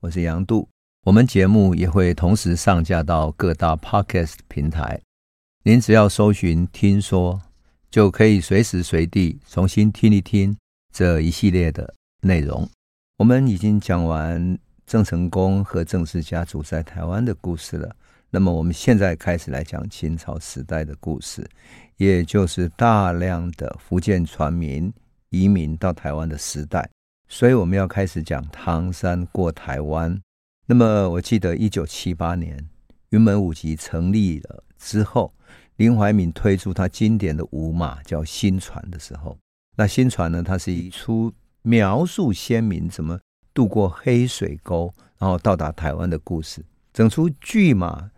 我是楊渡，我們節目也會同時上架到各大 Podcast 平台，您只要搜尋“聽說”，就可以隨時隨地重新聽一聽這一系列的內容。我們已經講完鄭成功和鄭氏家族在台灣的故事了，那麼我們現在開始來講清朝時代的故事，也就是大量的福建船民移民到台灣的時代。所以我們要開始講唐山過台灣。那麼我記得一九七八年雲門舞集成立了之後，林懷民推出他經典的舞碼，叫《薪傳》的時候，那《薪傳》呢，它是一出描述先民怎麼渡過黑水溝，然後到達台灣的故事。整出劇碼，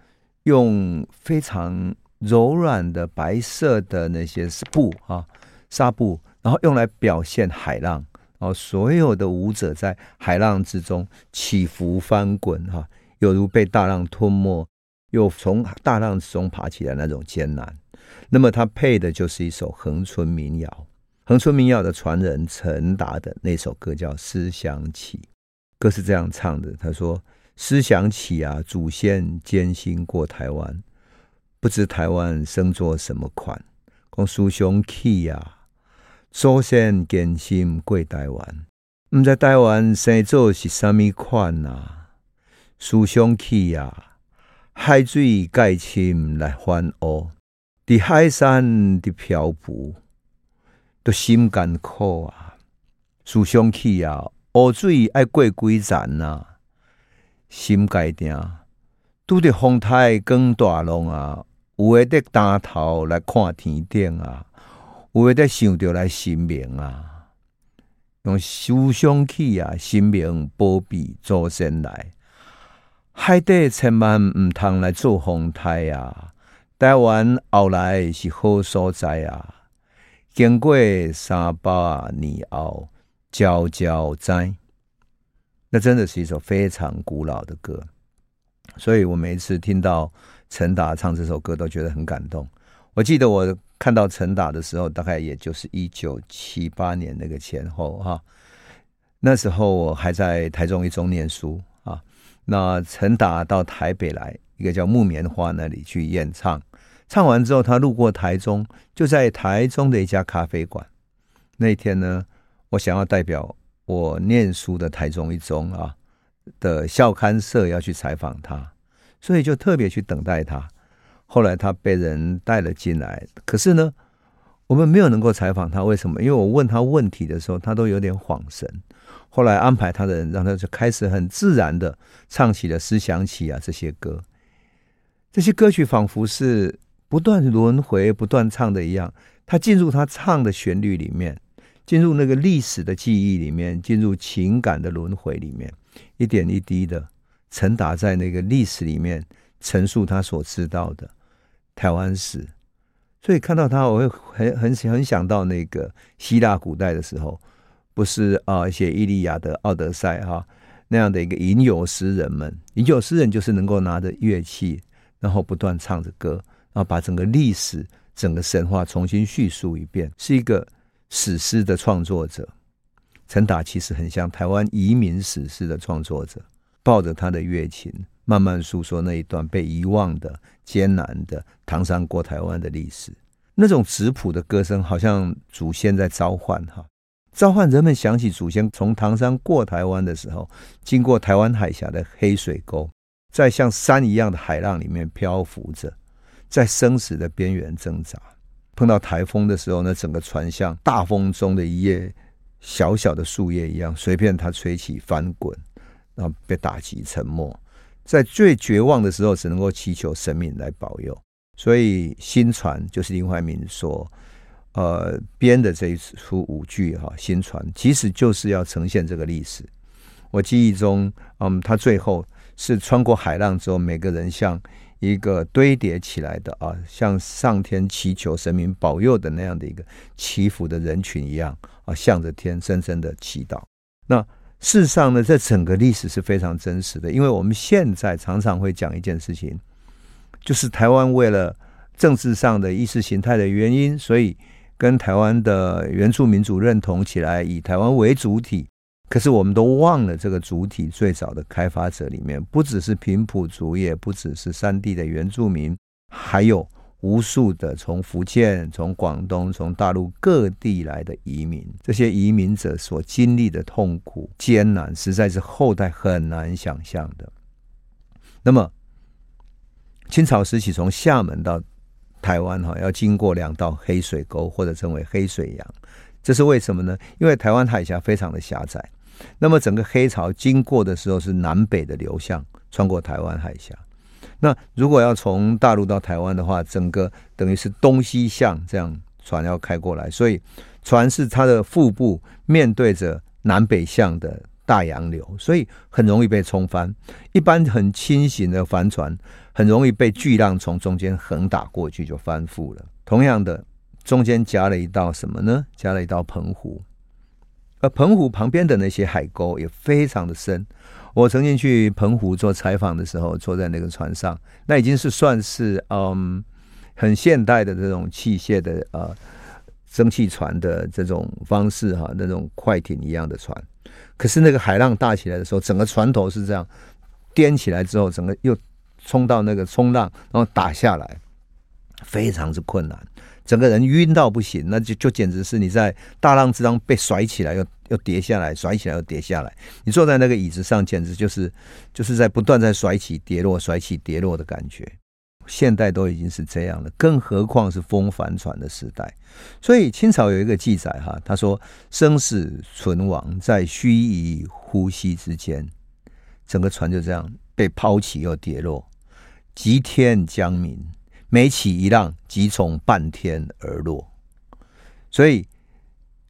用非常柔軟的白色的那些布啊、紗布，然後用來表現海浪。哦、所有的舞者在海浪之中起伏翻滾，哈、哦，猶如被大浪吞沒，又從大浪之中爬起來那種艱難。那麼他配的就是一首恆春民謠，恆春民謠的傳人陳達的那首歌叫《思想起》，歌是這樣唱的：他說，思想起啊，祖先艱辛過台灣，不知台灣生做什麼款，光輸胸氣呀、啊。祖先艱辛過台灣，毋知台灣生做是啥物款啊？思想起啊，海水蓋深來翻烏，佇海山佇漂浮，都心艱苦啊！思想起啊，烏水愛過幾層啊，心界定，拄佇風台更大浪啊，有的佇抬頭來看天頂啊！有的在想着來尋名啊，用思想起啊，尋名保庇祖先來。海底千萬毋通來做風台啊，台灣後來是好所在啊。經過三巴啊、尼奧、蕉哉。那真的是一首非常古老的歌。所以我每次聽到陳達唱這首歌，都覺得很感動。我記得我。看到陳達的時候，大概也就是一九七八年那個前後哈、啊。那時候我還在台中一中念書啊，那陳達到台北來，一個叫木棉花那裡去演唱，唱完之後他路過台中，就在台中的一家咖啡館。那天呢，我想要代表我念書的台中一中啊的校刊社要去採訪他，所以就特別去等待他。後來他被人帶了進來，可是呢，我們沒有能夠採訪他，為什麼？因為我問他問題的時候，他都有點恍神。後來安排他的人，讓他就開始很自然的唱起了《思想起》啊這些歌，這些歌曲仿佛是不斷輪回、不斷唱的一樣。他進入他唱的旋律裡面，進入那個歷史的記憶裡面，進入情感的輪回裡面，一點一滴的陳達在那個歷史裡面，陳述他所知道的。台灣史，所以看到他，我會很很想很想到那個希臘古代的時候，不是、呃、啊，寫《伊利亞的奧德賽》哈那樣的一個吟遊詩人們，們吟遊詩人就是能夠拿着樂器，然後不斷唱着歌，然後把整個歷史、整個神話重新敘述一遍，是一個史詩的創作者。陳達其實很像台灣移民史詩的創作者，抱着他的樂琴。慢慢訴說那一段被遺忘的艱難的唐山過台灣的歷史，那種質樸的歌聲好像祖先在召喚哈，召喚人們想起祖先從唐山過台灣的時候，經過台灣海峽的黑水溝，在像山一樣的海浪裡面漂浮着，在生死的邊緣掙扎。碰到台風的時候呢，那整個船像大風中的一葉小小的樹葉一樣，隨便它吹起翻滾，然後被打擊沉沒。在最絕望的時候，只能夠祈求神明來保佑。所以，《薪傳》就是林懷民所，呃，編的這一出舞劇哈，《薪傳》其實就是要呈現這個歷史。我記憶中，嗯，他最後是穿過海浪之後，每個人像一個堆疊起來的啊，像上天祈求神明保佑的那樣的一個祈福的人群一樣啊，向着天深深的祈禱。那。事實上呢，這整個歷史是非常真實的，因為我們現在常常會講一件事情，就是台灣為了政治上的意識形態的原因，所以跟台灣的原住民族認同起來，以台灣為主體。可是我們都忘了，這個主體最早的開發者裡面，不只是平埔族，也不只是山地的原住民，還有。無數的從福建、從廣東、從大陸各地來的移民，這些移民者所經歷的痛苦、艱難，實在是後代很難想象的。那麼，清朝時期從廈門到台灣哈、哦，要經過兩道黑水溝，或者稱為黑水洋，這是為什麼呢？因為台灣海峽非常的狹窄，那麼整個黑潮經過的時候是南北的流向，穿過台灣海峽。那如果要從大陸到台灣的話，整個等於是東西向這樣船要開過來，所以船是它的腹部面對着南北向的大洋流，所以很容易被沖翻。一般很輕型的帆船很容易被巨浪從中間橫打過去就翻覆了。同樣的，中間加了一道什麼呢？加了一道澎湖，而澎湖旁邊的那些海溝也非常的深。我曾經去澎湖做採訪的時候，坐在那個船上，那已經是算是嗯很現代的這種器械的呃蒸汽船的這種方式哈，那種快艇一樣的船。可是那個海浪大起來的時候，整個船頭是這樣顛起來之後，整個又衝到那個衝浪，然後打下來，非常之困難，整個人暈到不行，那就就簡直是你在大浪之中被甩起來又。又跌下來，甩起來又跌下來。你坐在那個椅子上，簡直就是就是在不斷在甩起、跌落、甩起、跌落的感覺。現代都已經是這樣了，更何況是風帆船的時代？所以清朝有一個記載哈，他說：“生死存亡在須臾呼吸之間，整個船就這樣被拋起又跌落，急天將明，每起一浪即從半天而落。”所以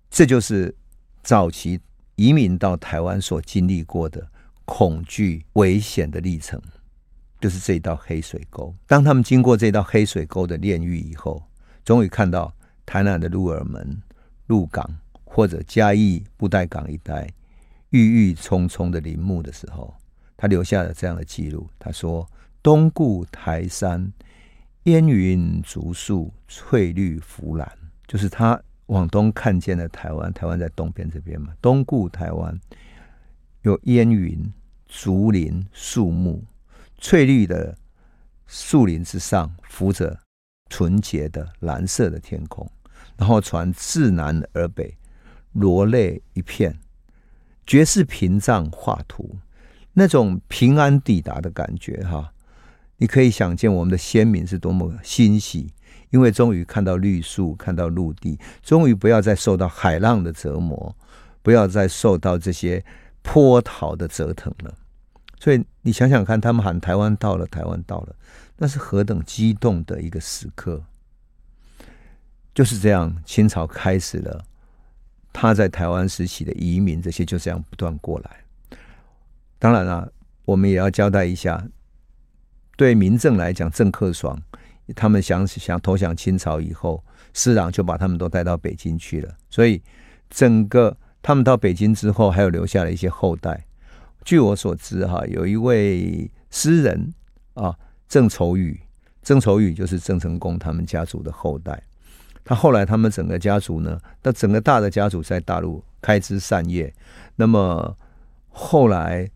這就是。早期移民到台灣所經歷過的恐懼、危險的歷程，就是這一道黑水溝。當他們經過這道黑水溝的煉獄以後，終於看到台南的鹿耳門、鹿港或者嘉義布袋港一帶鬱鬱蔥蔥的林木的時候，他留下了這樣的記錄：他說，東固台山，煙雲竹樹，翠綠扶藍，就是他。往東看見了台灣，台灣在東邊這邊嘛。東顧台灣，有煙雲、竹林、樹木，翠綠的樹林之上浮着純潔的藍色的天空。然後船自南而北，羅列一片，絕世屏障畫圖，那種平安抵達的感覺哈、啊，你可以想見我們的先民是多麼欣喜。因為終於看到綠樹，看到陸地，終於不要再受到海浪的折磨，不要再受到這些波濤的折騰了。所以你想想看，他們喊“台灣到了，台灣到了”，那是何等激動的一個時刻！就是這樣，清朝開始了他在台灣時期的移民，這些就這樣不斷過來。當然了，啊，我們也要交代一下，對民政來講，鄭克塽。他們想想投降清朝以後，施琅就把他們都帶到北京去了。所以，整個他們到北京之後，還有留下了一些後代。據我所知，哈，有一位詩人啊，鄭愁予，鄭愁予就是鄭成功他們家族的後代。他後來，他們整個家族呢，那整個大的家族在大陸開枝散葉。那麼後來。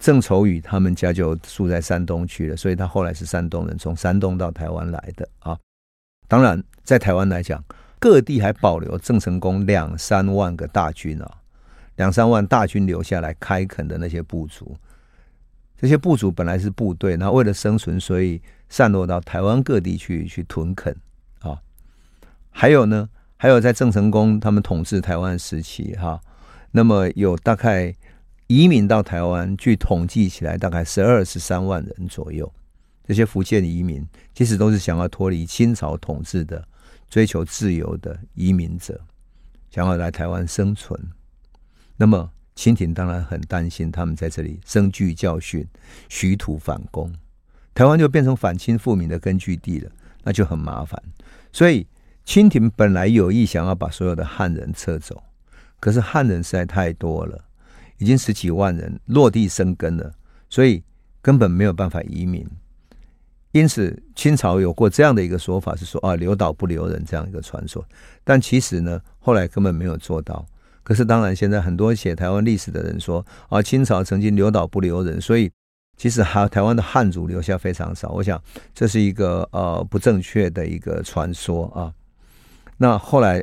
鄭愁予他們家就住在山東去了，所以他後來是山東人，從山東到台灣來的啊。當然，在台灣來講，各地還保留鄭成功兩三萬個大軍啊，兩三萬大軍留下來開墾的那些部族，這些部族本來是部隊，那為了生存，所以散落到台灣各地去去屯墾啊。還有呢，還有在鄭成功他們統治台灣時期哈，啊，那麼有大概。移民到台灣，據統計起來大概十二十三萬人左右。這些福建移民其實都是想要脫離清朝統治的，追求自由的移民者，想要來台灣生存。那麼清廷當然很擔心，他們在這裡生聚教訓，徐圖反攻，台灣就變成反清復明的根據地了，那就很麻煩。所以清廷本來有意想要把所有的漢人撤走，可是漢人實在太多了。已經十幾萬人落地生根了，所以根本沒有辦法移民。因此，清朝有過這樣的一個說法，是說啊“留島不留人”這樣一個傳說。但其實呢，後來根本沒有做到。可是，當然現在很多寫台灣歷史的人說啊，清朝曾經留島不留人，所以其實還有台灣的漢族留下非常少。我想這是一個呃不正確的一個傳說啊。那後來，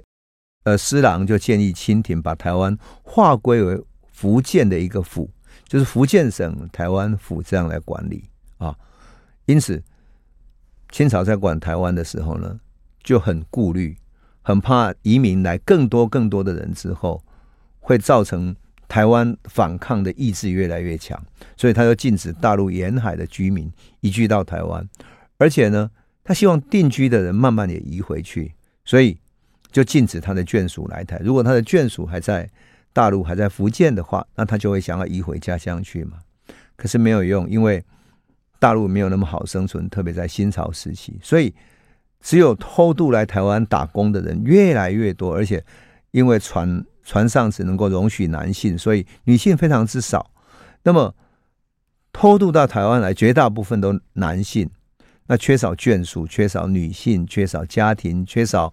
呃，施琅就建議清廷把台灣劃歸為。福建的一個府，就是福建省台灣府這樣來管理啊。因此，清朝在管台灣的時候呢，就很顧慮，很怕移民來更多更多的人之後，會造成台灣反抗的意志越來越強，所以他就禁止大陸沿海的居民移居到台灣，而且呢，他希望定居的人慢慢也移回去，所以就禁止他的眷屬來台。如果他的眷屬還在。大陸還在福建的話，那他就會想要移回家鄉去嘛。可是沒有用，因為大陸沒有那麼好生存，特別在清朝時期。所以，只有偷渡來台灣打工的人越來越多，而且因為船船上只能夠容許男性，所以女性非常之少。那麼，偷渡到台灣來，絕大部分都男性。那缺少眷屬，缺少女性，缺少家庭，缺少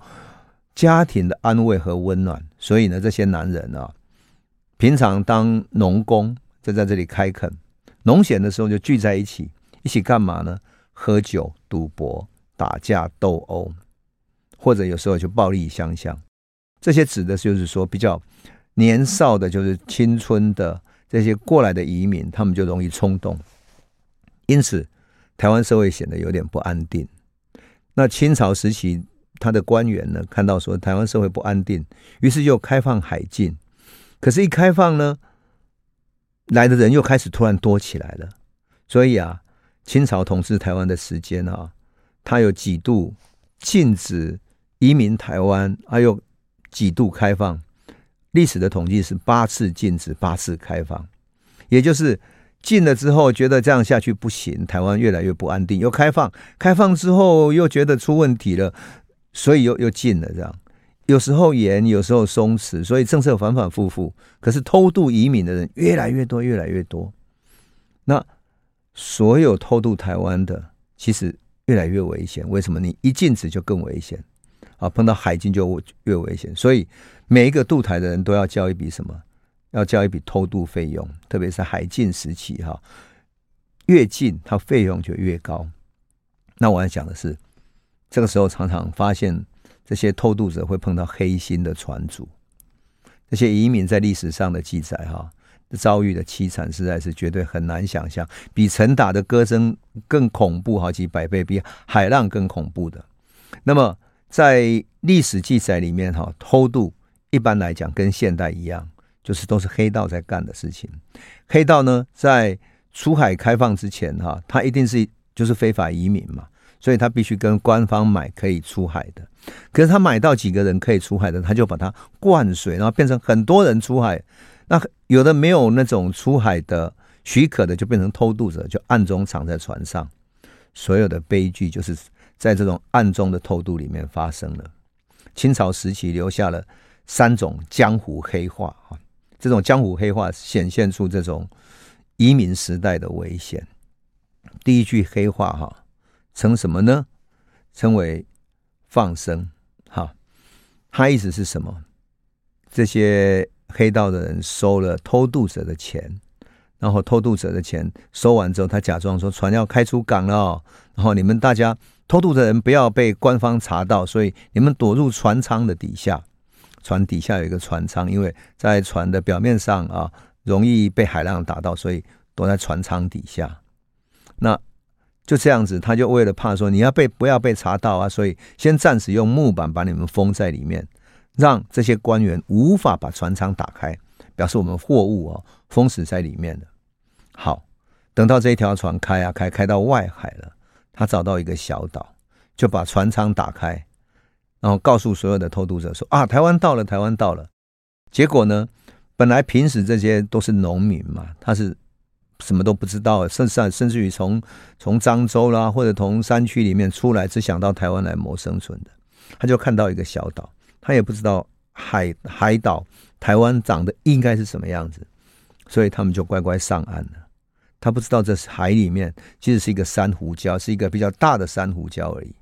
家庭的安慰和溫暖。所以呢，這些男人啊、哦。平常當農工就在這裡開墾，農閒的時候就聚在一起，一起幹嘛呢？喝酒、賭博、打架、鬥毆，或者有時候就暴力相向。這些指的是就是說，比較年少的，就是青春的這些過來的移民，他們就容易衝動，因此台灣社會顯得有點不安定。那清朝時期，他的官員呢，看到說台灣社會不安定，於是就開放海禁。可是，一開放呢，來的人又開始突然多起來了。所以啊，清朝統治臺灣的時間啊，它有幾度禁止移民臺灣，還有幾度開放。歷史的統計是八次禁止，八次開放。也就是禁了之後，覺得這樣下去不行，臺灣越來越不安定，又開放；開放之後，又覺得出問題了，所以又又禁了這樣。有時候嚴，有時候鬆弛，所以政策反反复复。可是偷渡移民的人越來越多，越來越多。那所有偷渡台灣的，其實越來越危險。為什麼？你一禁止就更危險啊！碰到海禁就越危險，所以每一個渡台的人都要交一筆什麼？要交一筆偷渡費用。特別是海禁時期，哈，越禁它費用就越高。那我要講的是，這個時候常常發現。這些偷渡者會碰到黑心的船主，這些移民在歷史上的記載哈，遭遇的淒慘實在是絕對很難想象比沉打的歌聲更恐怖好幾百倍，比海浪更恐怖的。那麼在歷史記載裡面哈，偷渡一般來講跟現代一樣，就是都是黑道在幹的事情。黑道呢，在出海開放之前哈，它一定是就是非法移民嘛。所以他必須跟官方買可以出海的，可是他買到幾個人可以出海的，他就把它灌水，然後變成很多人出海。那有的沒有那種出海的許可的，就變成偷渡者，就暗中藏在船上。所有的悲劇就是在這種暗中的偷渡裡面發生了。清朝時期留下了三種江湖黑話，哈，這種江湖黑話顯現出這種移民時代的危險。第一句黑話，哈。稱什麼呢？稱為放生，哈，他意思是什麼？這些黑道的人收了偷渡者的錢，然後偷渡者的錢收完之後，他假裝說船要開出港了哦，然後你們大家偷渡的人不要被官方查到，所以你們躲入船艙的底下，船底下有一個船艙，因為在船的表面上啊，容易被海浪打到，所以躲在船艙底下，那。就這樣子，他就為了怕說你要被不要被查到啊，所以先暫時用木板把你們封在裡面，讓這些官員無法把船艙打開，表示我們貨物哦，封死在裡面了。好，等到這一條船開啊開，開到外海了，他找到一個小島，就把船艙打開，然後告訴所有的偷渡者說啊，台灣到了，台灣到了。結果呢，本來平時這些都是農民嘛，他是。什麼都不知道，甚至甚至於從從漳州啦，或者從山區裡面出來，只想到台灣來謀生存的，他就看到一個小島，他也不知道海海島台灣長得應該是什麼樣子，所以他們就乖乖上岸了。他不知道這海裡面其實是一個珊瑚礁，是一個比較大的珊瑚礁而已。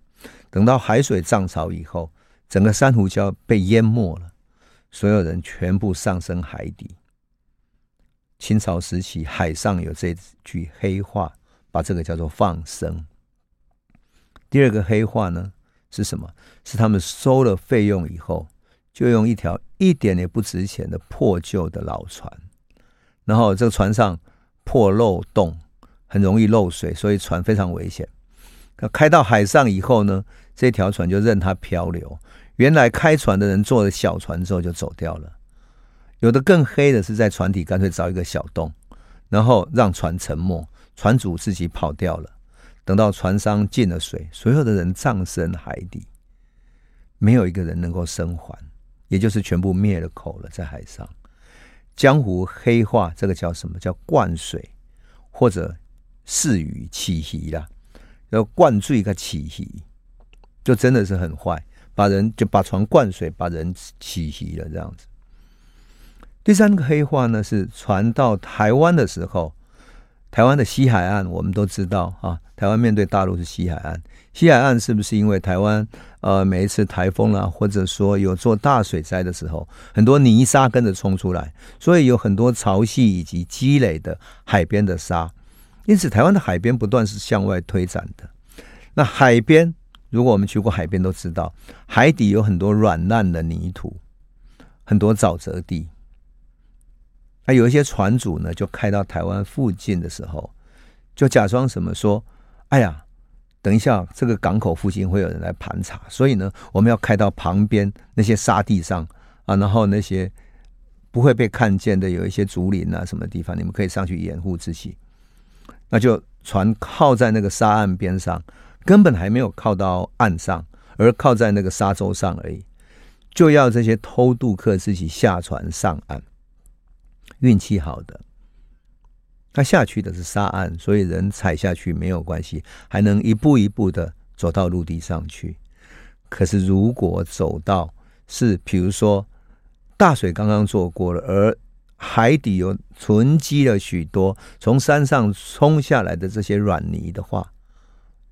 等到海水漲潮以後，整個珊瑚礁被淹沒了，所有人全部上升海底。清朝時期，海上有這句黑話，把這個叫做放生。第二個黑話呢，是什麼？是他們收了費用以後，就用一條一點也不值錢的破舊的老船，然後這個船上破漏洞，很容易漏水，所以船非常危險。那開到海上以後呢，這條船就任它漂流。原來開船的人坐了小船之後就走掉了。有的更黑的是在船底乾脆鑿一個小洞，然後讓船沉沒，船主自己跑掉了。等到船上進了水，所有的人葬身海底，沒有一個人能夠生還，也就是全部滅了口了。在海上江湖黑話，這個叫什麼？叫灌水，或者是棄屍了。要灌醉一個棄屍，就真的是很壞，把人就把船灌水，把人棄屍了這樣子。第三個黑話呢，是傳到台灣的時候，台灣的西海岸，我們都知道啊，台灣面對大陸是西海岸。西海岸是不是因為台灣呃每一次台風啊，或者說有做大水災的時候，很多泥沙跟着衝出來，所以有很多潮汐以及積累的海邊的沙，因此台灣的海邊不斷是向外推展的。那海邊，如果我們去過海邊都知道，海底有很多軟爛的泥土，很多沼澤地。還有一些船主呢，就開到台灣附近的時候，就假裝什麼說：“哎呀，等一下這個港口附近會有人來盤查，所以呢，我們要開到旁邊那些沙地上啊，然後那些不會被看見的，有一些竹林啊什麼地方，你們可以上去掩護自己。”那就船靠在那個沙岸邊上，根本還沒有靠到岸上，而靠在那個沙洲上而已，就要這些偷渡客自己下船上岸。運氣好的，他下去的是沙岸，所以人踩下去沒有關係，還能一步一步的走到陸地上去。可是如果走到是，比如說大水剛剛做過了，而海底有存積了許多從山上衝下來的這些軟泥的話，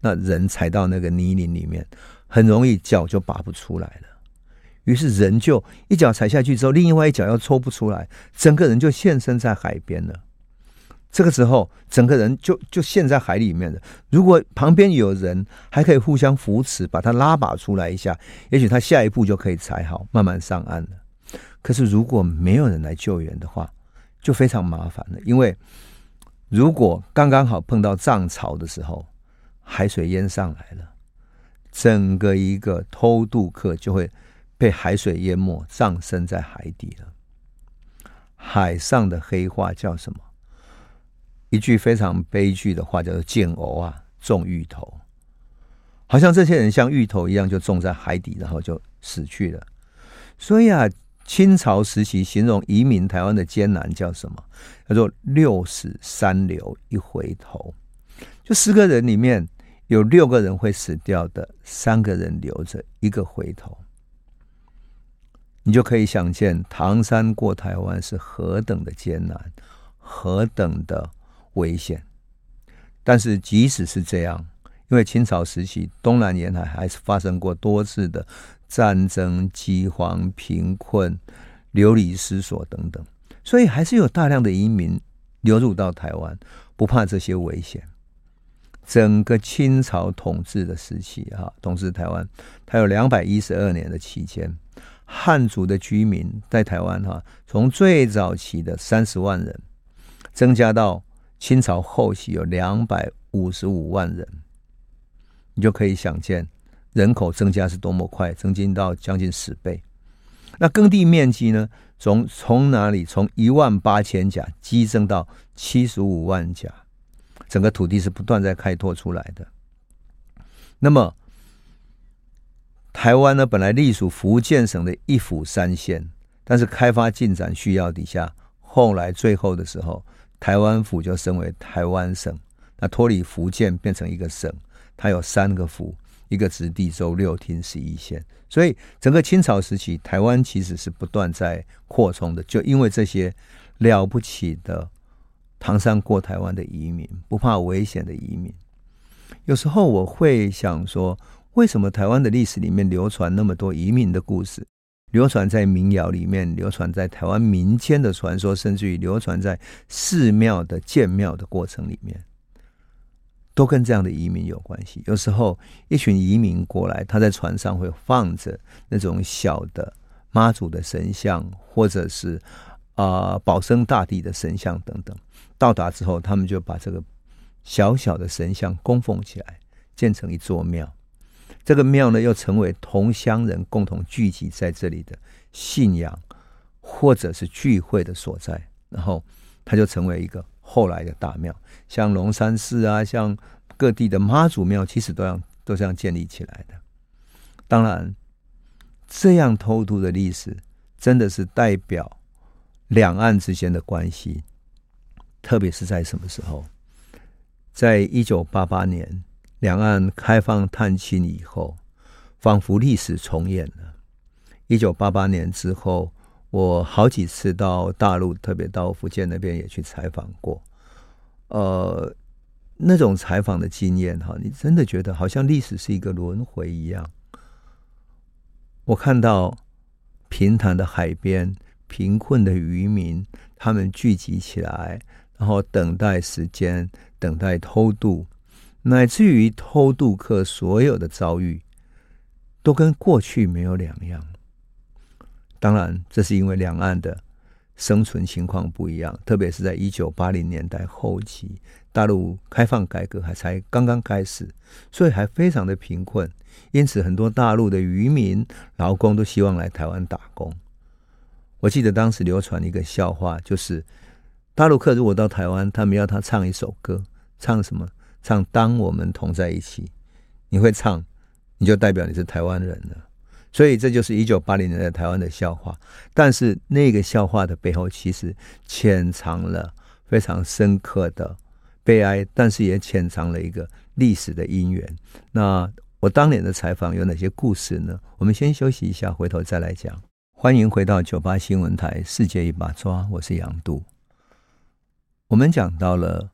那人踩到那個泥濘裡面，很容易腳就拔不出來了。於是人就一腳踩下去之後，另外一腳又抽不出來，整個人就現身在海邊了。這個時候，整個人就就陷在海裡面了。如果旁邊有人還可以互相扶持，把他拉拔出來一下，也許他下一步就可以踩好，慢慢上岸了。可是如果沒有人來救援的話，就非常麻煩了。因為如果剛剛好碰到漲潮的時候，海水淹上來了，整個一個偷渡客就會。被海水淹沒，葬身在海底了。海上的黑話叫什麼？一句非常悲劇的話叫做“建甌啊，種芋頭”，好像這些人像芋頭一樣，就種在海底，然後就死去了。所以啊，清朝時期形容移民台灣的艱難叫什麼？叫做“六死三留一回頭”，就十個人裡面有六個人會死掉的，三個人留着，一個回頭。你就可以想見，唐山過台灣是何等的艱難，何等的危險。但是即使是這樣，因為清朝時期，東南沿海還是發生過多次的戰爭、饑荒、貧困、流離失所等等，所以還是有大量的移民流入到台灣，不怕這些危險。整個清朝統治的時期啊，統治台灣，它有兩百一十二年的期間。漢族的居民在台灣、啊，哈，從最早期的三十萬人，增加到清朝後期有兩百五十五萬人，你就可以想見人口增加是多麼快，增進到將近十倍。那耕地面積呢？從從哪裡？從一萬八千甲激增到七十五萬甲，整個土地是不斷在開拓出來的。那麼。台灣呢，本來隸屬福建省的一府三縣，但是開發進展需要底下，後來最後的時候，台灣府就升為台灣省，那脫離福建變成一個省，它有三個府，一個直隸州六廳十一縣，所以整個清朝時期，台灣其實是不斷在擴充的，就因為這些了不起的唐山過台灣的移民，不怕危險的移民，有時候我會想說。為什麼台灣的歷史裡面流傳那麼多移民的故事？流傳在民謠裡面，流傳在台灣民間的傳說，甚至於流傳在寺廟的建廟的過程裡面，都跟這樣的移民有關係。有時候一群移民過來，他在船上會放着那種小的媽祖的神像，或者是啊呃、保生大帝的神像等等。到達之後，他們就把這個小小的神像供奉起來，建成一座廟。這個廟呢，又成為同鄉人共同聚集在這裡的信仰，或者是聚會的所在。然後，它就成為一個後來的大廟，像龍山寺啊，像各地的媽祖廟，其實都這樣都這樣建立起來的。當然，這樣偷渡的歷史，真的是代表兩岸之間的關係，特別是在什麼時候？在一九八八年。兩岸開放探親以後，仿佛歷史重演了。一九八八年之後，我好幾次到大陸，特別到福建那邊也去採訪過。呃，那種採訪的經驗哈，你真的覺得好像歷史是一個輪迴一樣。我看到平潭的海邊，貧困的漁民，他們聚集起來，然後等待時間，等待偷渡。乃至於偷渡客所有的遭遇，都跟過去沒有兩樣。當然，這是因為兩岸的生存情況不一樣，特別是在一九八零年代後期，大陸開放改革還才剛剛開始，所以還非常的貧困。因此，很多大陸的漁民、勞工都希望來台灣打工。我記得當時流傳一個笑話，就是大陸客如果到台灣，他們要他唱一首歌，唱什麼？唱《當我們同在一起》，你會唱，你就代表你是台灣人了。所以這就是一九八零年的台灣的笑話。但是那個笑話的背後，其實潛藏了非常深刻的悲哀，但是也潛藏了一個歷史的因緣。那我當年的採訪有哪些故事呢？我們先休息一下，回頭再來講。歡迎回到九八新聞台，世界一把抓，我是楊渡。我們講到了。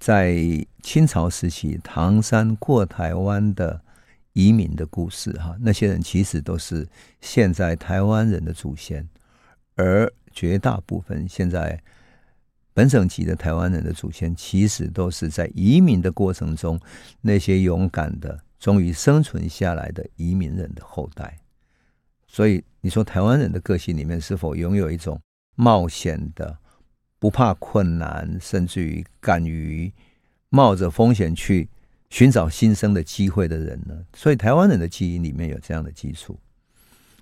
在清朝時期，唐山過台灣的移民的故事，哈，那些人其實都是現在台灣人的祖先，而絕大部分現在本省籍的台灣人的祖先，其實都是在移民的過程中那些勇敢的、終於生存下來的移民人的後代。所以，你說台灣人的個性裡面是否擁有一種冒險的？不怕困難，甚至於敢於冒着風險去尋找新生的機會的人呢？所以台灣人的記憶裡面有這樣的基礎。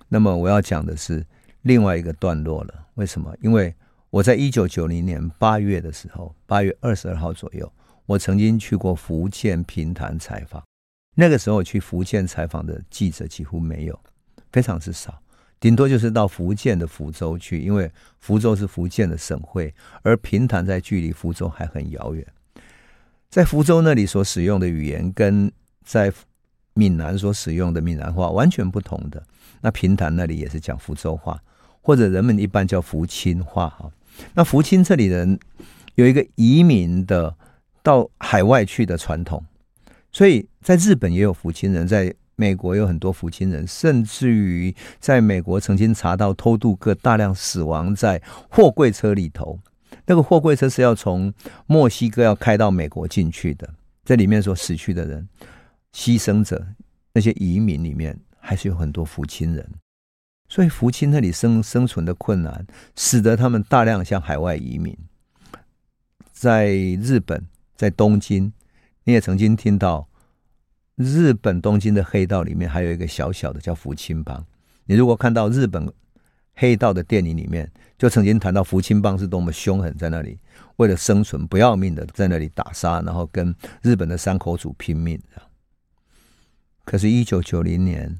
那麼我要講的是另外一個段落了。為什麼？因為我在一九九零年八月的時候，八月二十二號左右，我曾經去過福建平潭採訪。那個時候去福建採訪的記者幾乎沒有，非常之少。頂多就是到福建的福州去，因為福州是福建的省會，而平潭在距離福州還很遙遠。在福州那裡所使用的語言，跟在閩南所使用的閩南話完全不同的。那平潭那裡也是講福州話，或者人們一般叫福清話哈。那福清這裡人有一個移民的到海外去的傳統，所以在日本也有福清人在。美國有很多福清人，甚至於在美國曾經查到偷渡客大量死亡在貨櫃車裡頭。那個貨櫃車是要從墨西哥要開到美國進去的。這裡面所死去的人，犧牲者，那些移民裡面還是有很多福清人。所以福清那裡生生存的困難，使得他們大量向海外移民。在日本，在東京，你也曾經聽到。日本東京的黑道裡面還有一個小小的叫福清幫。你如果看到日本黑道的電影裡面，就曾經談到福清幫是多麼凶狠，在那裡為了生存不要命的在那裡打殺，然後跟日本的山口組拼命。可是，一九九零年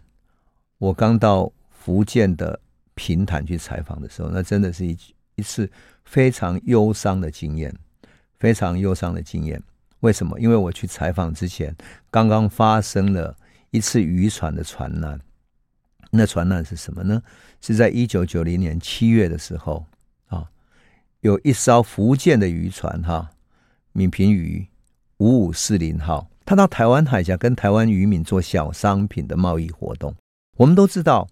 我剛到福建的平潭去採訪的時候，那真的是一一次非常憂傷的經驗，非常憂傷的經驗。為什麼？因為我去採訪之前，剛剛發生了一次漁船的船難。那船難是什麼呢？是在一九九零年七月的時候啊，有一艘福建的漁船哈，閩平漁五五四零號，他到台灣海峽跟台灣漁民做小商品的貿易活動。我們都知道，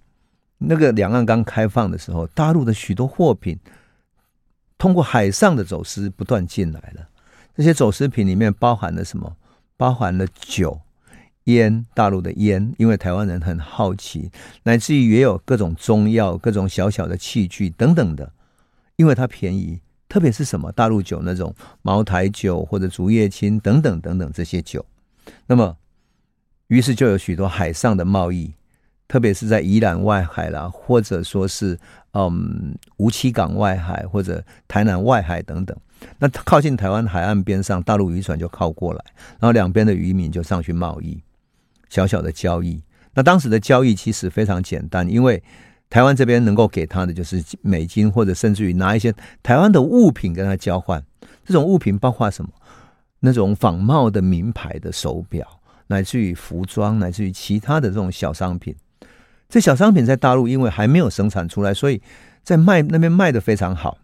那個兩岸剛開放的時候，大陸的許多貨品通過海上的走私不斷進來了。這些走私品裡面包含了什麼？包含了酒、煙，大陸的煙，因為台灣人很好奇，乃至於也有各種中藥、各種小小的器具等等的，因為它便宜。特別是什麼，大陸酒，那種茅台酒或者竹葉青等等等等這些酒，那麼於是就有許多海上的貿易，特別是在宜蘭外海啦，或者說是嗯梧棲港外海或者台南外海等等。那靠近台灣海岸邊上，大陸漁船就靠過來，然後兩邊的漁民就上去貿易，小小的交易。那當時的交易其實非常簡單，因為台灣這邊能夠給他的就是美金，或者甚至於拿一些台灣的物品跟他交換。這種物品包括什麼？那種仿冒的名牌的手錶，乃至於服裝，乃至於其他的這種小商品。這小商品在大陸因為還沒有生產出來，所以在賣那邊賣得非常好，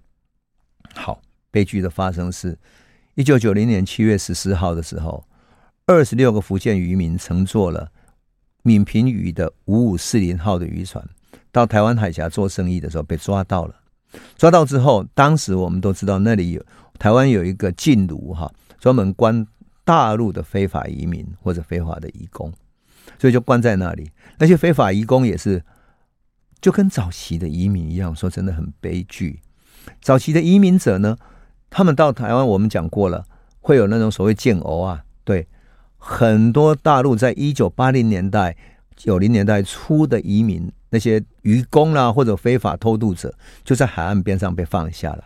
好。悲劇的發生是，一九九零年七月十四號的時候，二十六個福建漁民乘坐了閩平漁的五五四零號的漁船，到台灣海峽做生意的時候被抓到了。抓到之後，當時我們都知道那裡有台灣有一個靖廬哈，專門關大陸的非法移民或者非法的移工，所以就關在那裡。那些非法移工也是就跟早期的移民一樣，說真的很悲劇。早期的移民者呢，他們到台灣，我們講過了，會有那種所謂“建甌啊，對，很多大陸在一九八零年代、九零年代初的移民，那些漁工啦、啊、或者非法偷渡者，就在海岸邊上被放下來。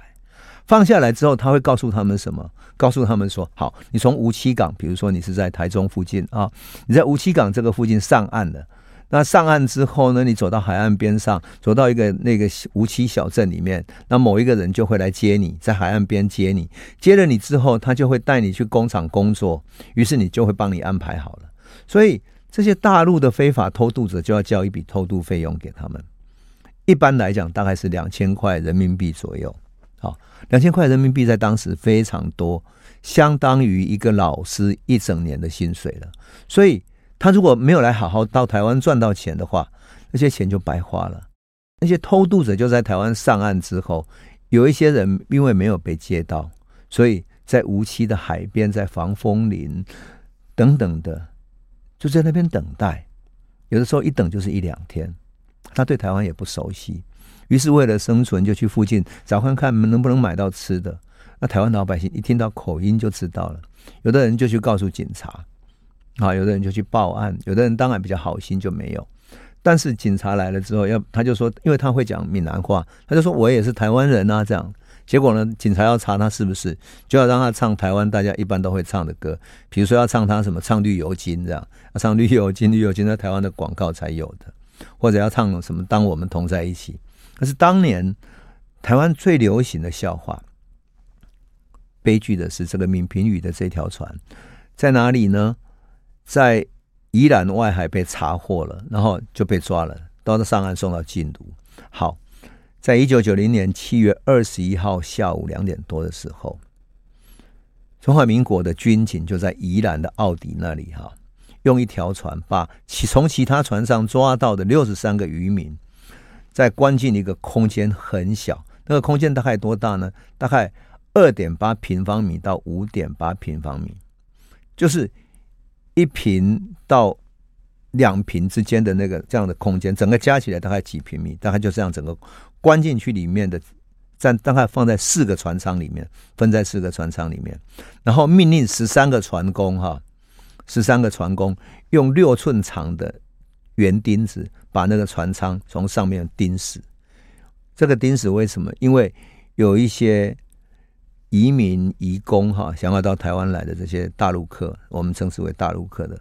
放下來之後，他會告訴他們什麼？告訴他們說：“好，你從梧棲港，比如說你是在台中附近啊，你在梧棲港這個附近上岸的。”那上岸之後呢？你走到海岸邊上，走到一個那個無期小鎮裡面，那某一個人就會來接你，在海岸邊接你。接了你之後，他就會帶你去工廠工作。於是你就會幫你安排好了。所以這些大陸的非法偷渡者就要交一筆偷渡費用給他們。一般來講，大概是兩千塊人民幣左右。好、哦，兩千塊人民幣在當時非常多，相當於一個老師一整年的薪水了。所以。他如果沒有來好好到台灣賺到錢的話，那些錢就白花了。那些偷渡者就在台灣上岸之後，有一些人因為沒有被接到，所以在無期的海邊、在防風林等等的，就在那邊等待。有的時候一等就是一兩天。他對台灣也不熟悉，於是為了生存，就去附近找看看能不能買到吃的。那台灣老百姓一聽到口音就知道了，有的人就去告訴警察。啊，有的人就去報案，有的人當然比較好心就沒有。但是警察來了之後要，要他就說，因為他會講閩南話，他就說我也是台灣人啊，這樣。結果呢，警察要查他是不是，就要讓他唱台灣大家一般都會唱的歌，比如說要唱他什麼，唱綠油精這樣，要唱綠油精，綠油精在台灣的廣告才有的，或者要唱什麼，當我們同在一起。可是當年台灣最流行的笑話，悲劇的是這個閩南語的這條船在哪裡呢？在宜蘭外海被查獲了，然後就被抓了，到了上岸送到禁毒。好，在一九九零年七月二十一號下午兩點多的時候，中華民國的軍警就在宜蘭的澳底那裡哈，用一條船把其從其他船上抓到的六十三個漁民，在關進一個空間很小，那個空間大概多大呢？大概二點八平方米到五點八平方米，就是。一坪到兩坪之間的那個這樣的空間，整個加起來大概幾平米？大概就這樣，整個關進去裡面的，佔大概放在四個船艙裡面，分在四個船艙裡面。然後命令十三個船工哈、啊，十三個船工用六寸長的圓釘子把那個船艙從上面釘死。這個釘死為什麼？因為有一些。移民、移工，哈，想要到台灣來的這些大陸客，我們稱之為大陸客的，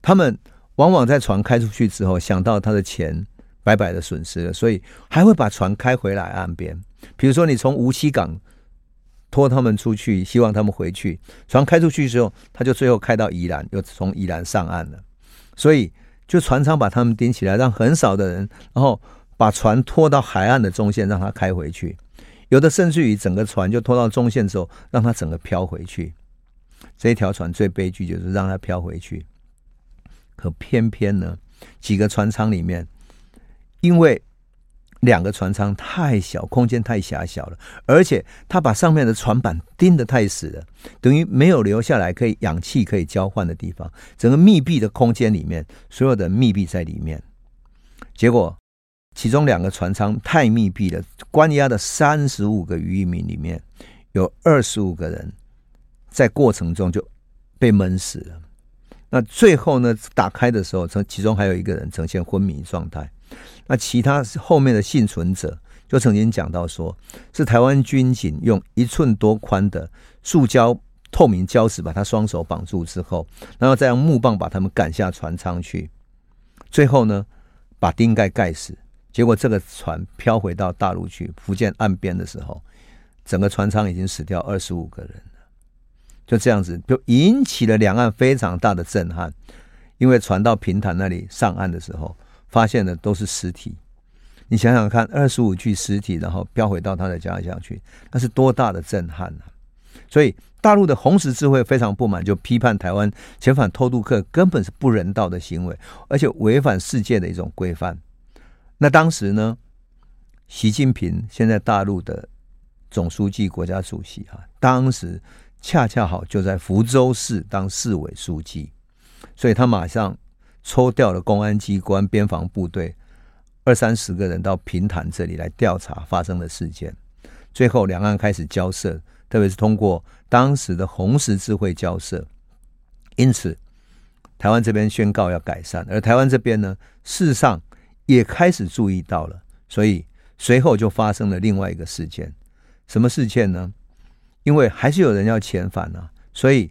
他們往往在船開出去之後，想到他的錢白白的損失了，所以還會把船開回來岸邊。比如說，你從梧棲港拖他們出去，希望他們回去，船開出去之後，他就最後開到宜蘭，又從宜蘭上岸了。所以，就船艙把他們頂起來，讓很少的人，然後把船拖到海岸的中線，讓他開回去。有的甚至於整個船就拖到中線之後，讓它整個漂回去。這一條船最悲劇就是讓它漂回去，可偏偏呢，幾個船艙裡面，因為兩個船艙太小，空間太狹小了，而且他把上面的船板釘得太死了，等於沒有留下來可以氧氣可以交換的地方，整個密閉的空間裡面，所有的密閉在裡面，結果。其中兩個船艙太密閉了，關押的三十五個漁民裡面有二十五個人在過程中就被悶死了。那最後呢，打開的時候，從其中還有一個人呈現昏迷狀態。那其他後面的幸存者就曾經講到說，說是台灣軍警用一寸多寬的塑膠透明膠紙把他雙手綁住之後，然後再用木棒把他們趕下船艙去，最後呢，把釘蓋蓋死。結果這個船漂回到大陸去福建岸邊的時候，整個船艙已經死掉二十五個人了。就這樣子，就引起了兩岸非常大的震撼。因為船到平潭那裡上岸的時候，發現的都是屍體。你想想看，二十五具屍體，然後飄回到他的家鄉去，那是多大的震撼啊！所以大陸的紅十字會非常不滿，就批判台灣遣返偷渡客根本是不人道的行為，而且違反世界的一種規範。那當時呢，習近平現在大陸的總書記、國家主席啊，當時恰恰好就在福州市當市委書記，所以他馬上抽調了公安機關、邊防部隊二三十個人到平潭這裡來調查發生的事件。最後，兩岸開始交涉，特別是通過當時的紅十字會交涉，因此台灣這邊宣告要改善，而台灣這邊呢，事實上。也開始注意到了，所以隨後就發生了另外一個事件，什麼事件呢？因為還是有人要遣返啊，所以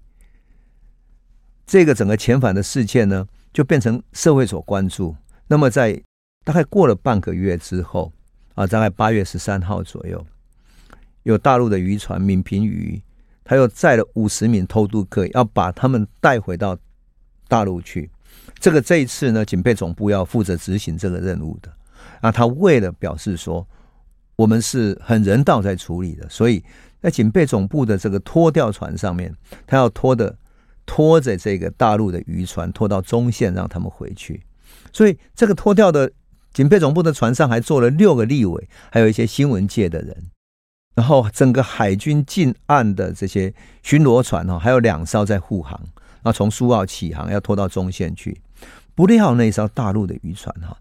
這個整個遣返的事件呢，就變成社會所關注。那麼在大概過了半個月之後，啊，大概八月十三號左右，有大陸的漁船“閩平漁”，他又載了五十名偷渡客，要把他們帶回到大陸去。這個這一次呢，警備總部要負責執行這個任務的。啊，他為了表示說我們是很人道在處理的，所以在警備總部的這個拖吊船上面，他要拖的拖着這個大陸的漁船，拖到中線讓他們回去。所以這個拖吊的警備總部的船上還坐了六個立委，還有一些新聞界的人。然後整個海軍近岸的這些巡邏船哈，還有兩艘在護航，那從蘇澳起航要拖到中線去。不料那艘大陸的漁船哈，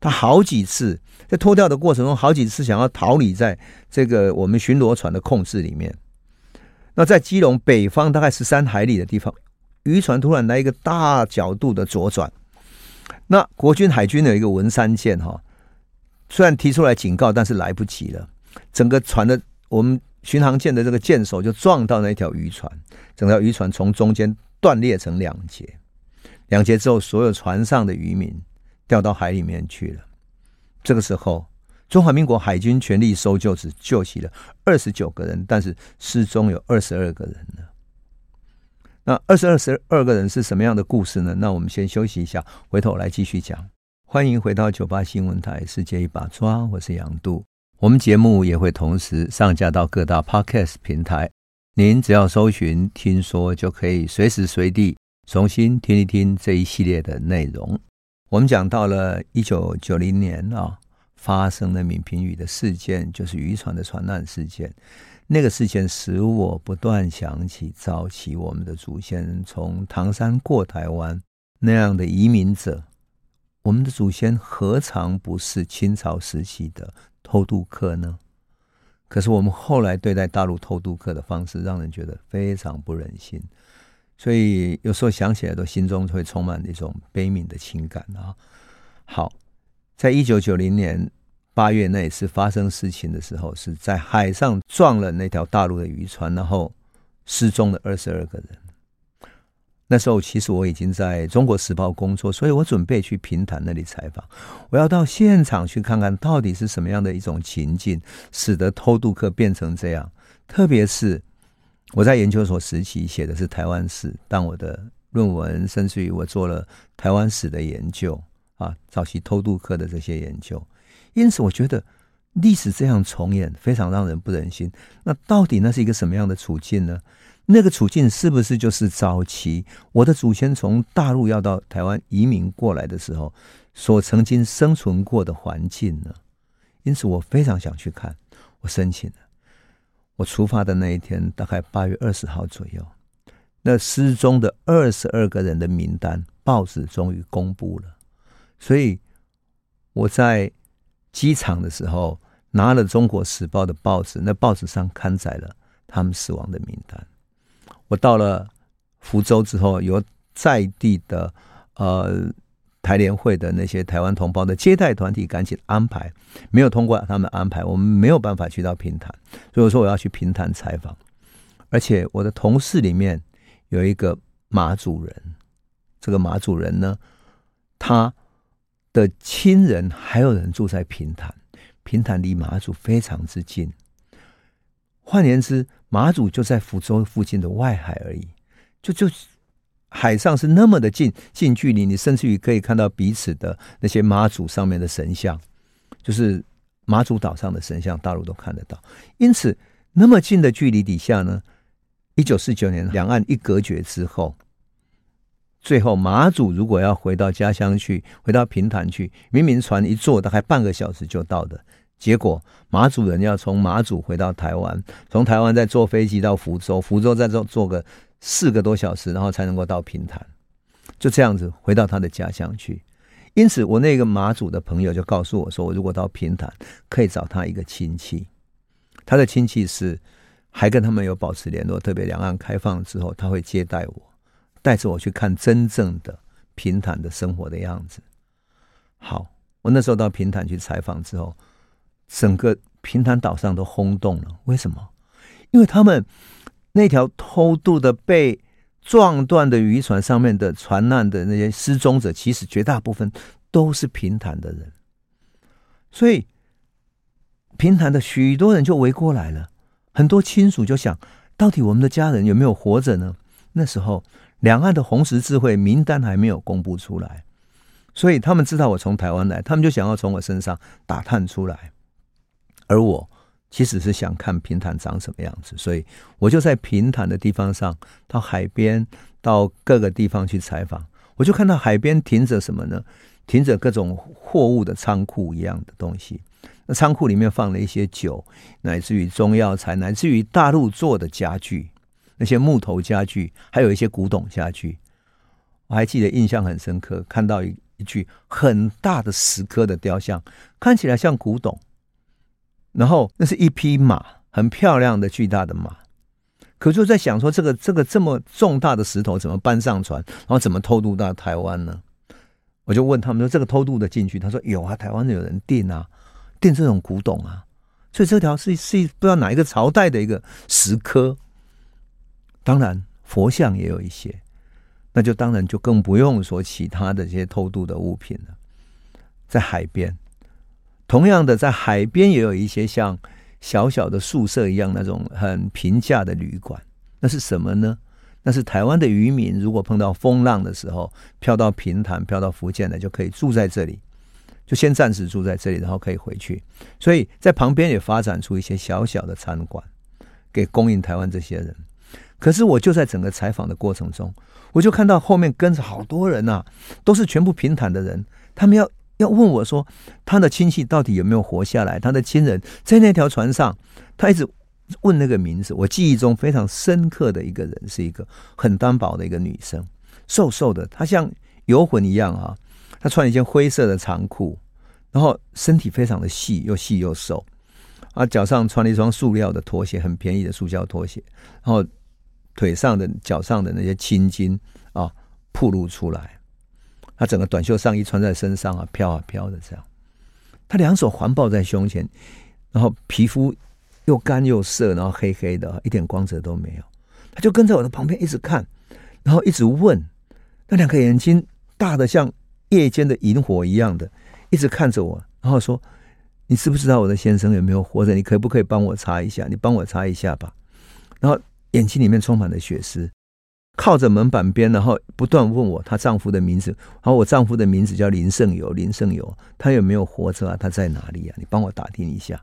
它好幾次在脫掉的過程中，好幾次想要逃離在這個我們巡邏船的控制裡面。那在基隆北方大概十三海里的地方，漁船突然來一個大角度的左轉，那國軍海軍有一個文山艦哈，雖然提出來警告，但是來不及了。整個船的我們巡航艦的這個艦首就撞到那一條漁船，整條漁船從中間斷裂成兩截。兩節之後，所有船上的漁民掉到海裡面去了。這個時候，中華民國海軍全力搜救，只救起了二十九個人，但是失蹤有二十二個人呢。那二十二十二個人是什麼樣的故事呢？那我們先休息一下，回頭來繼續講。歡迎回到九八新聞台《世界一把抓》，我是楊渡。我們節目也會同時上架到各大 Podcast 平台，您只要搜尋“聽說”，就可以隨時隨地。重新聽一聽這一系列的內容，我們講到了一九九零年啊、哦、發生的閩平漁的事件，就是漁船的船難事件。那個事件使我不斷想起早期我們的祖先從唐山過台灣那樣的移民者。我們的祖先何嘗不是清朝時期的偷渡客呢？可是我們後來對待大陸偷渡客的方式，讓人覺得非常不忍心。所以有時候想起來，都心中會充滿一種悲憫的情感啊。好，在一九九零年八月那一次發生事情的時候，是在海上撞了那條大陸的漁船，然後失蹤了二十二個人。那時候其實我已經在中國時報工作，所以我準備去平潭那裡採訪，我要到現場去看看到底是什麼樣的一種情境，使得偷渡客變成這樣，特別是。我在研究所時期寫的是台灣史，但我的論文甚至於我做了台灣史的研究啊，早期偷渡客的這些研究，因此我覺得歷史這樣重演非常讓人不忍心。那到底那是一個什麼樣的處境呢？那個處境是不是就是早期我的祖先從大陸要到台灣移民過來的時候所曾經生存過的環境呢？因此我非常想去看，我申請了。我出發的那一天，大概八月二十號左右，那失蹤的二十二個人的名單，報紙終於公布了。所以我在機場的時候，拿了《中國時報》的報紙，那報紙上刊載了他們死亡的名單。我到了福州之後，有在地的呃。台聯會的那些台灣同胞的接待團體，趕緊安排。沒有通過他們的安排，我們沒有辦法去到平潭，所以我說我要去平潭採訪。而且我的同事裡面有一個馬祖人，這個馬祖人呢，他的親人還有人住在平潭，平潭離馬祖非常之近。換言之，馬祖就在福州附近的外海而已，就就海上是那麼的近，近距離，你甚至於可以看到彼此的那些馬祖上面的神像，就是馬祖島上的神像，大陸都看得到。因此，那麼近的距離底下呢，一九四九年兩岸一隔絕之後，最後馬祖如果要回到家鄉去，回到平潭去，明明船一坐大概半個小時就到的，結果馬祖人要從馬祖回到台灣，從台灣再坐飛機到福州，福州再坐坐個。四個多小時，然後才能夠到平潭，就這樣子回到他的家鄉去。因此，我那個馬祖的朋友就告訴我說：“我如果到平潭，可以找他一個親戚。他的親戚是還跟他們有保持聯絡，特別兩岸開放之後，他會接待我，帶着我去看真正的平潭的生活的樣子。”好，我那時候到平潭去採訪之後，整個平潭島上都轟動了。為什麼？因為他們。那條偷渡的被撞斷的漁船上面的船難的那些失蹤者，其實絕大部分都是平潭的人，所以平潭的許多人就圍過來了，很多親屬就想到底我們的家人有沒有活着呢？那時候兩岸的紅十字會名單還沒有公布出來，所以他們知道我從台灣來，他們就想要從我身上打探出來，而我。其實是想看平潭長什麼樣子，所以我就在平潭的地方上，到海邊，到各個地方去採訪。我就看到海邊停着什麼呢？停着各種貨物的倉庫一樣的東西。那倉庫裡面放了一些酒，乃至於中藥材，乃至於大陸做的家具，那些木頭家具，還有一些古董家具。我還記得印象很深刻，看到一一具很大的石刻的雕像，看起來像古董。然後那是一匹馬，很漂亮的巨大的馬。可就在想說，這個這個這麼重大的石頭怎麼搬上船，然後怎麼偷渡到台灣呢？我就問他們說：“這個偷渡的進去？”他說：“有啊，台灣有人訂啊，訂這種古董啊。”所以這條是是不知道哪一個朝代的一個石刻，當然佛像也有一些，那就當然就更不用說其他的這些偷渡的物品了，在海邊。同樣的，在海邊也有一些像小小的宿舍一樣那種很平價的旅館，那是什麼呢？那是台灣的漁民如果碰到風浪的時候，飄到平潭、飄到福建的，就可以住在這裡，就先暫時住在這裡，然後可以回去。所以在旁邊也發展出一些小小的餐館，給供應台灣這些人。可是我就在整個採訪的過程中，我就看到後面跟着好多人吶、啊，都是全部平潭的人，他們要。要問我說，他的親戚到底有沒有活下來？他的親人在那條船上，他一直問那個名字。我記憶中非常深刻的一個人，是一個很單薄的一個女生，瘦瘦的，她像遊魂一樣啊！她穿一件灰色的長褲，然後身體非常的細，又細又瘦，啊，腳上穿了一雙塑料的拖鞋，很便宜的塑膠拖鞋，然後腿上的，腳上的那些青筋啊，暴露出來。他整個短袖上衣穿在身上啊，飄啊飄的這樣。他兩手環抱在胸前，然後皮膚又乾又澀，然後黑黑的，一點光澤都沒有。他就跟在我的旁邊一直看，然後一直問。那兩個眼睛大得像夜間的螢火一樣的，一直看着我，然後說：“你知不知道我的先生有沒有活着？你可不可以幫我查一下？你幫我查一下吧。”然後眼睛裡面充滿了血絲。靠着門板邊，然後不斷問我她丈夫的名字，然後我丈夫的名字叫林勝友，林勝友，他有沒有活着啊？他在哪裡啊？你幫我打聽一下。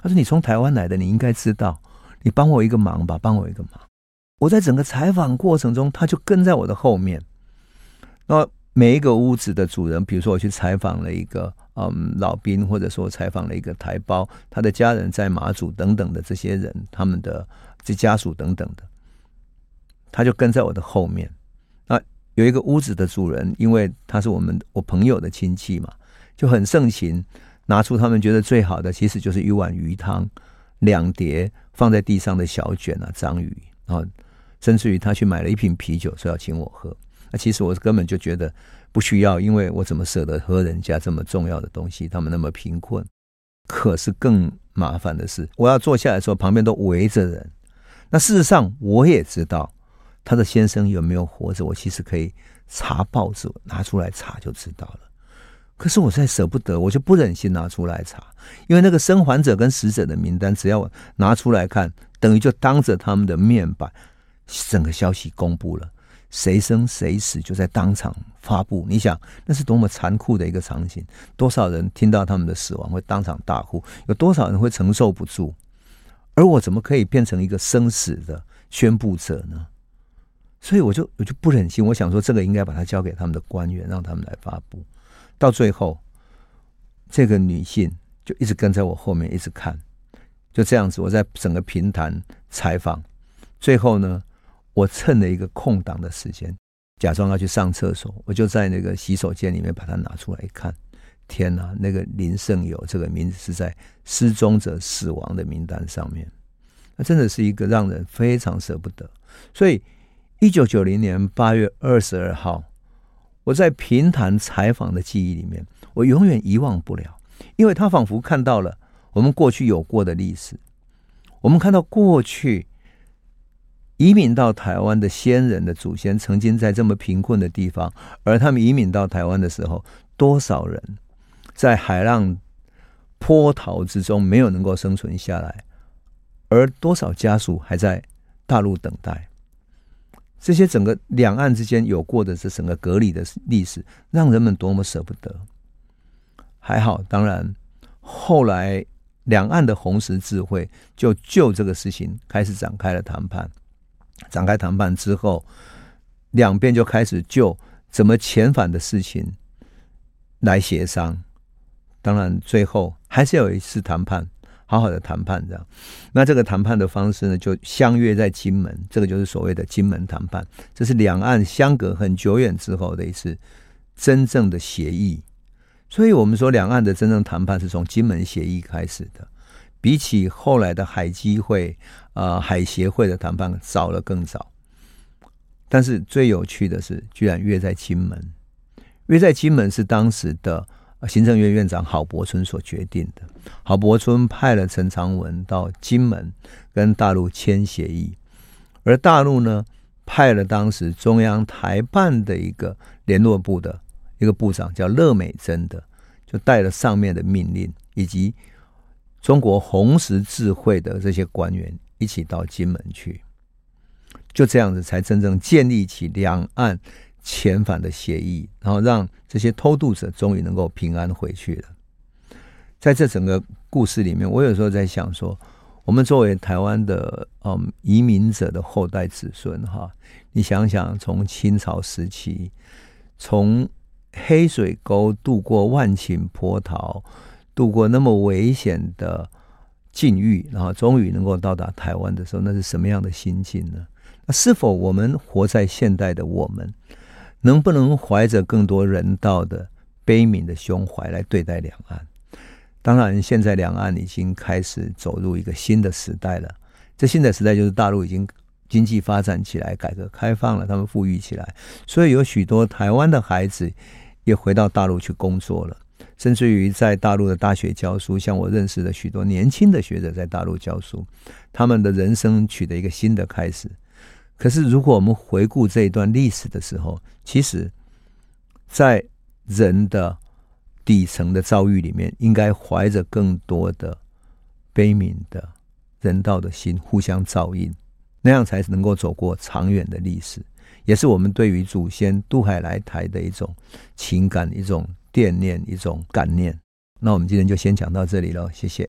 他說，你從台灣來的，你應該知道，你幫我一個忙吧，幫我一個忙。我在整個採訪過程中，他就跟在我的後面。那每一個屋子的主人，比如說我去採訪了一個嗯老兵，或者說採訪了一個台胞，他的家人在馬祖等等的這些人，他們的這家屬等等的。他就跟在我的後面。那有一個屋子的主人，因為他是我們我朋友的親戚嘛，就很盛情拿出他們覺得最好的，其實就是一碗魚湯，兩碟放在地上的小卷啊、章魚，然後甚至於他去買了一瓶啤酒，說要請我喝。那其實我根本就覺得不需要，因為我怎麼捨得喝人家這麼重要的東西？他們那麼貧困。可是更麻煩的是，我要坐下來的時候，旁邊都圍着人。那事實上我也知道。他的先生有沒有活着？我其實可以查報紙，拿出來查就知道了。可是我實在捨不得，我就不忍心拿出來查，因為那個生還者跟死者的名單，只要我拿出來看，等於就當着他們的面把整個消息公布了，誰生誰死就在當場發布。你想，那是多麼殘酷的一個場景！多少人聽到他們的死亡會當場大哭，有多少人會承受不住？而我怎麼可以變成一個生死的宣布者呢？所以我就我就不忍心，我想說這個應該把它交給他們的官員，讓他們來發布。到最後，這個女性就一直跟在我後面一直看，就這樣子。我在整個平潭採訪，最後呢，我趁了一個空檔的時間，假裝要去上廁所，我就在那個洗手間裡面把它拿出來一看。天哪、啊，那個林勝友這個名字是在失蹤者死亡的名單上面，那真的是一個讓人非常捨不得。所以。一九九零年八月二十二號，我在平潭採訪的記憶裡面，我永遠遺忘不了，因為他仿佛看到了我們過去有過的歷史。我們看到過去移民到台灣的先人的祖先，曾經在這麼貧困的地方，而他們移民到台灣的時候，多少人在海浪波濤之中沒有能夠生存下來，而多少家屬還在大陸等待。這些整個兩岸之間有過的這整個隔離的歷史，讓人們多麼捨不得。還好，當然後來兩岸的紅十字會就就這個事情開始展開了談判。展開談判之後，兩邊就開始就怎麼遣返的事情來協商。當然，最後還是有一次談判。好好的談判，這樣，那這個談判的方式呢，就相約在金門，這個就是所謂的金門談判，這是兩岸相隔很久遠之後的一次真正的協議。所以我們說，兩岸的真正談判是從金門協議開始的，比起後來的海基會、呃海協會的談判，早了更早。但是最有趣的是，居然約在金門，約在金門是當時的。行政院院長郝柏村所決定的，郝柏村派了陳長文到金門跟大陸簽協議，而大陸呢，派了當時中央台辦的一個聯絡部的一個部長叫樂美珍的，就帶了上面的命令，以及中國紅十字會的這些官員一起到金門去，就這樣子才真正建立起兩岸遣返的協議，然後讓這些偷渡者終於能夠平安回去了。在這整個故事裡面，我有時候在想說，我們作為台灣的嗯移民者的後代子孫哈，你想想，從清朝時期，從黑水溝渡過萬頃波濤，渡過那麼危險的境遇，然後終於能夠到達台灣的時候，那是什麼樣的心境呢？那是否我們活在現代的我們？能不能懷着更多人道的悲憫的胸懷來對待兩岸？當然，現在兩岸已經開始走入一個新的時代了。這新的時代就是大陸已經經濟發展起來，改革開放了，他們富裕起來，所以有許多台灣的孩子也回到大陸去工作了。甚至於在大陸的大學教書，像我認識的許多年輕的學者在大陸教書，他們的人生取得一個新的開始。可是，如果我們回顧這一段歷史的時候，其實，在人的底層的遭遇裡面，應該懷着更多的悲憫的人道的心，互相照應，那樣才能夠走過長遠的歷史。也是我們對於祖先渡海來台的一種情感、一種惦念、一種感念。那我們今天就先講到這裡囉，謝謝。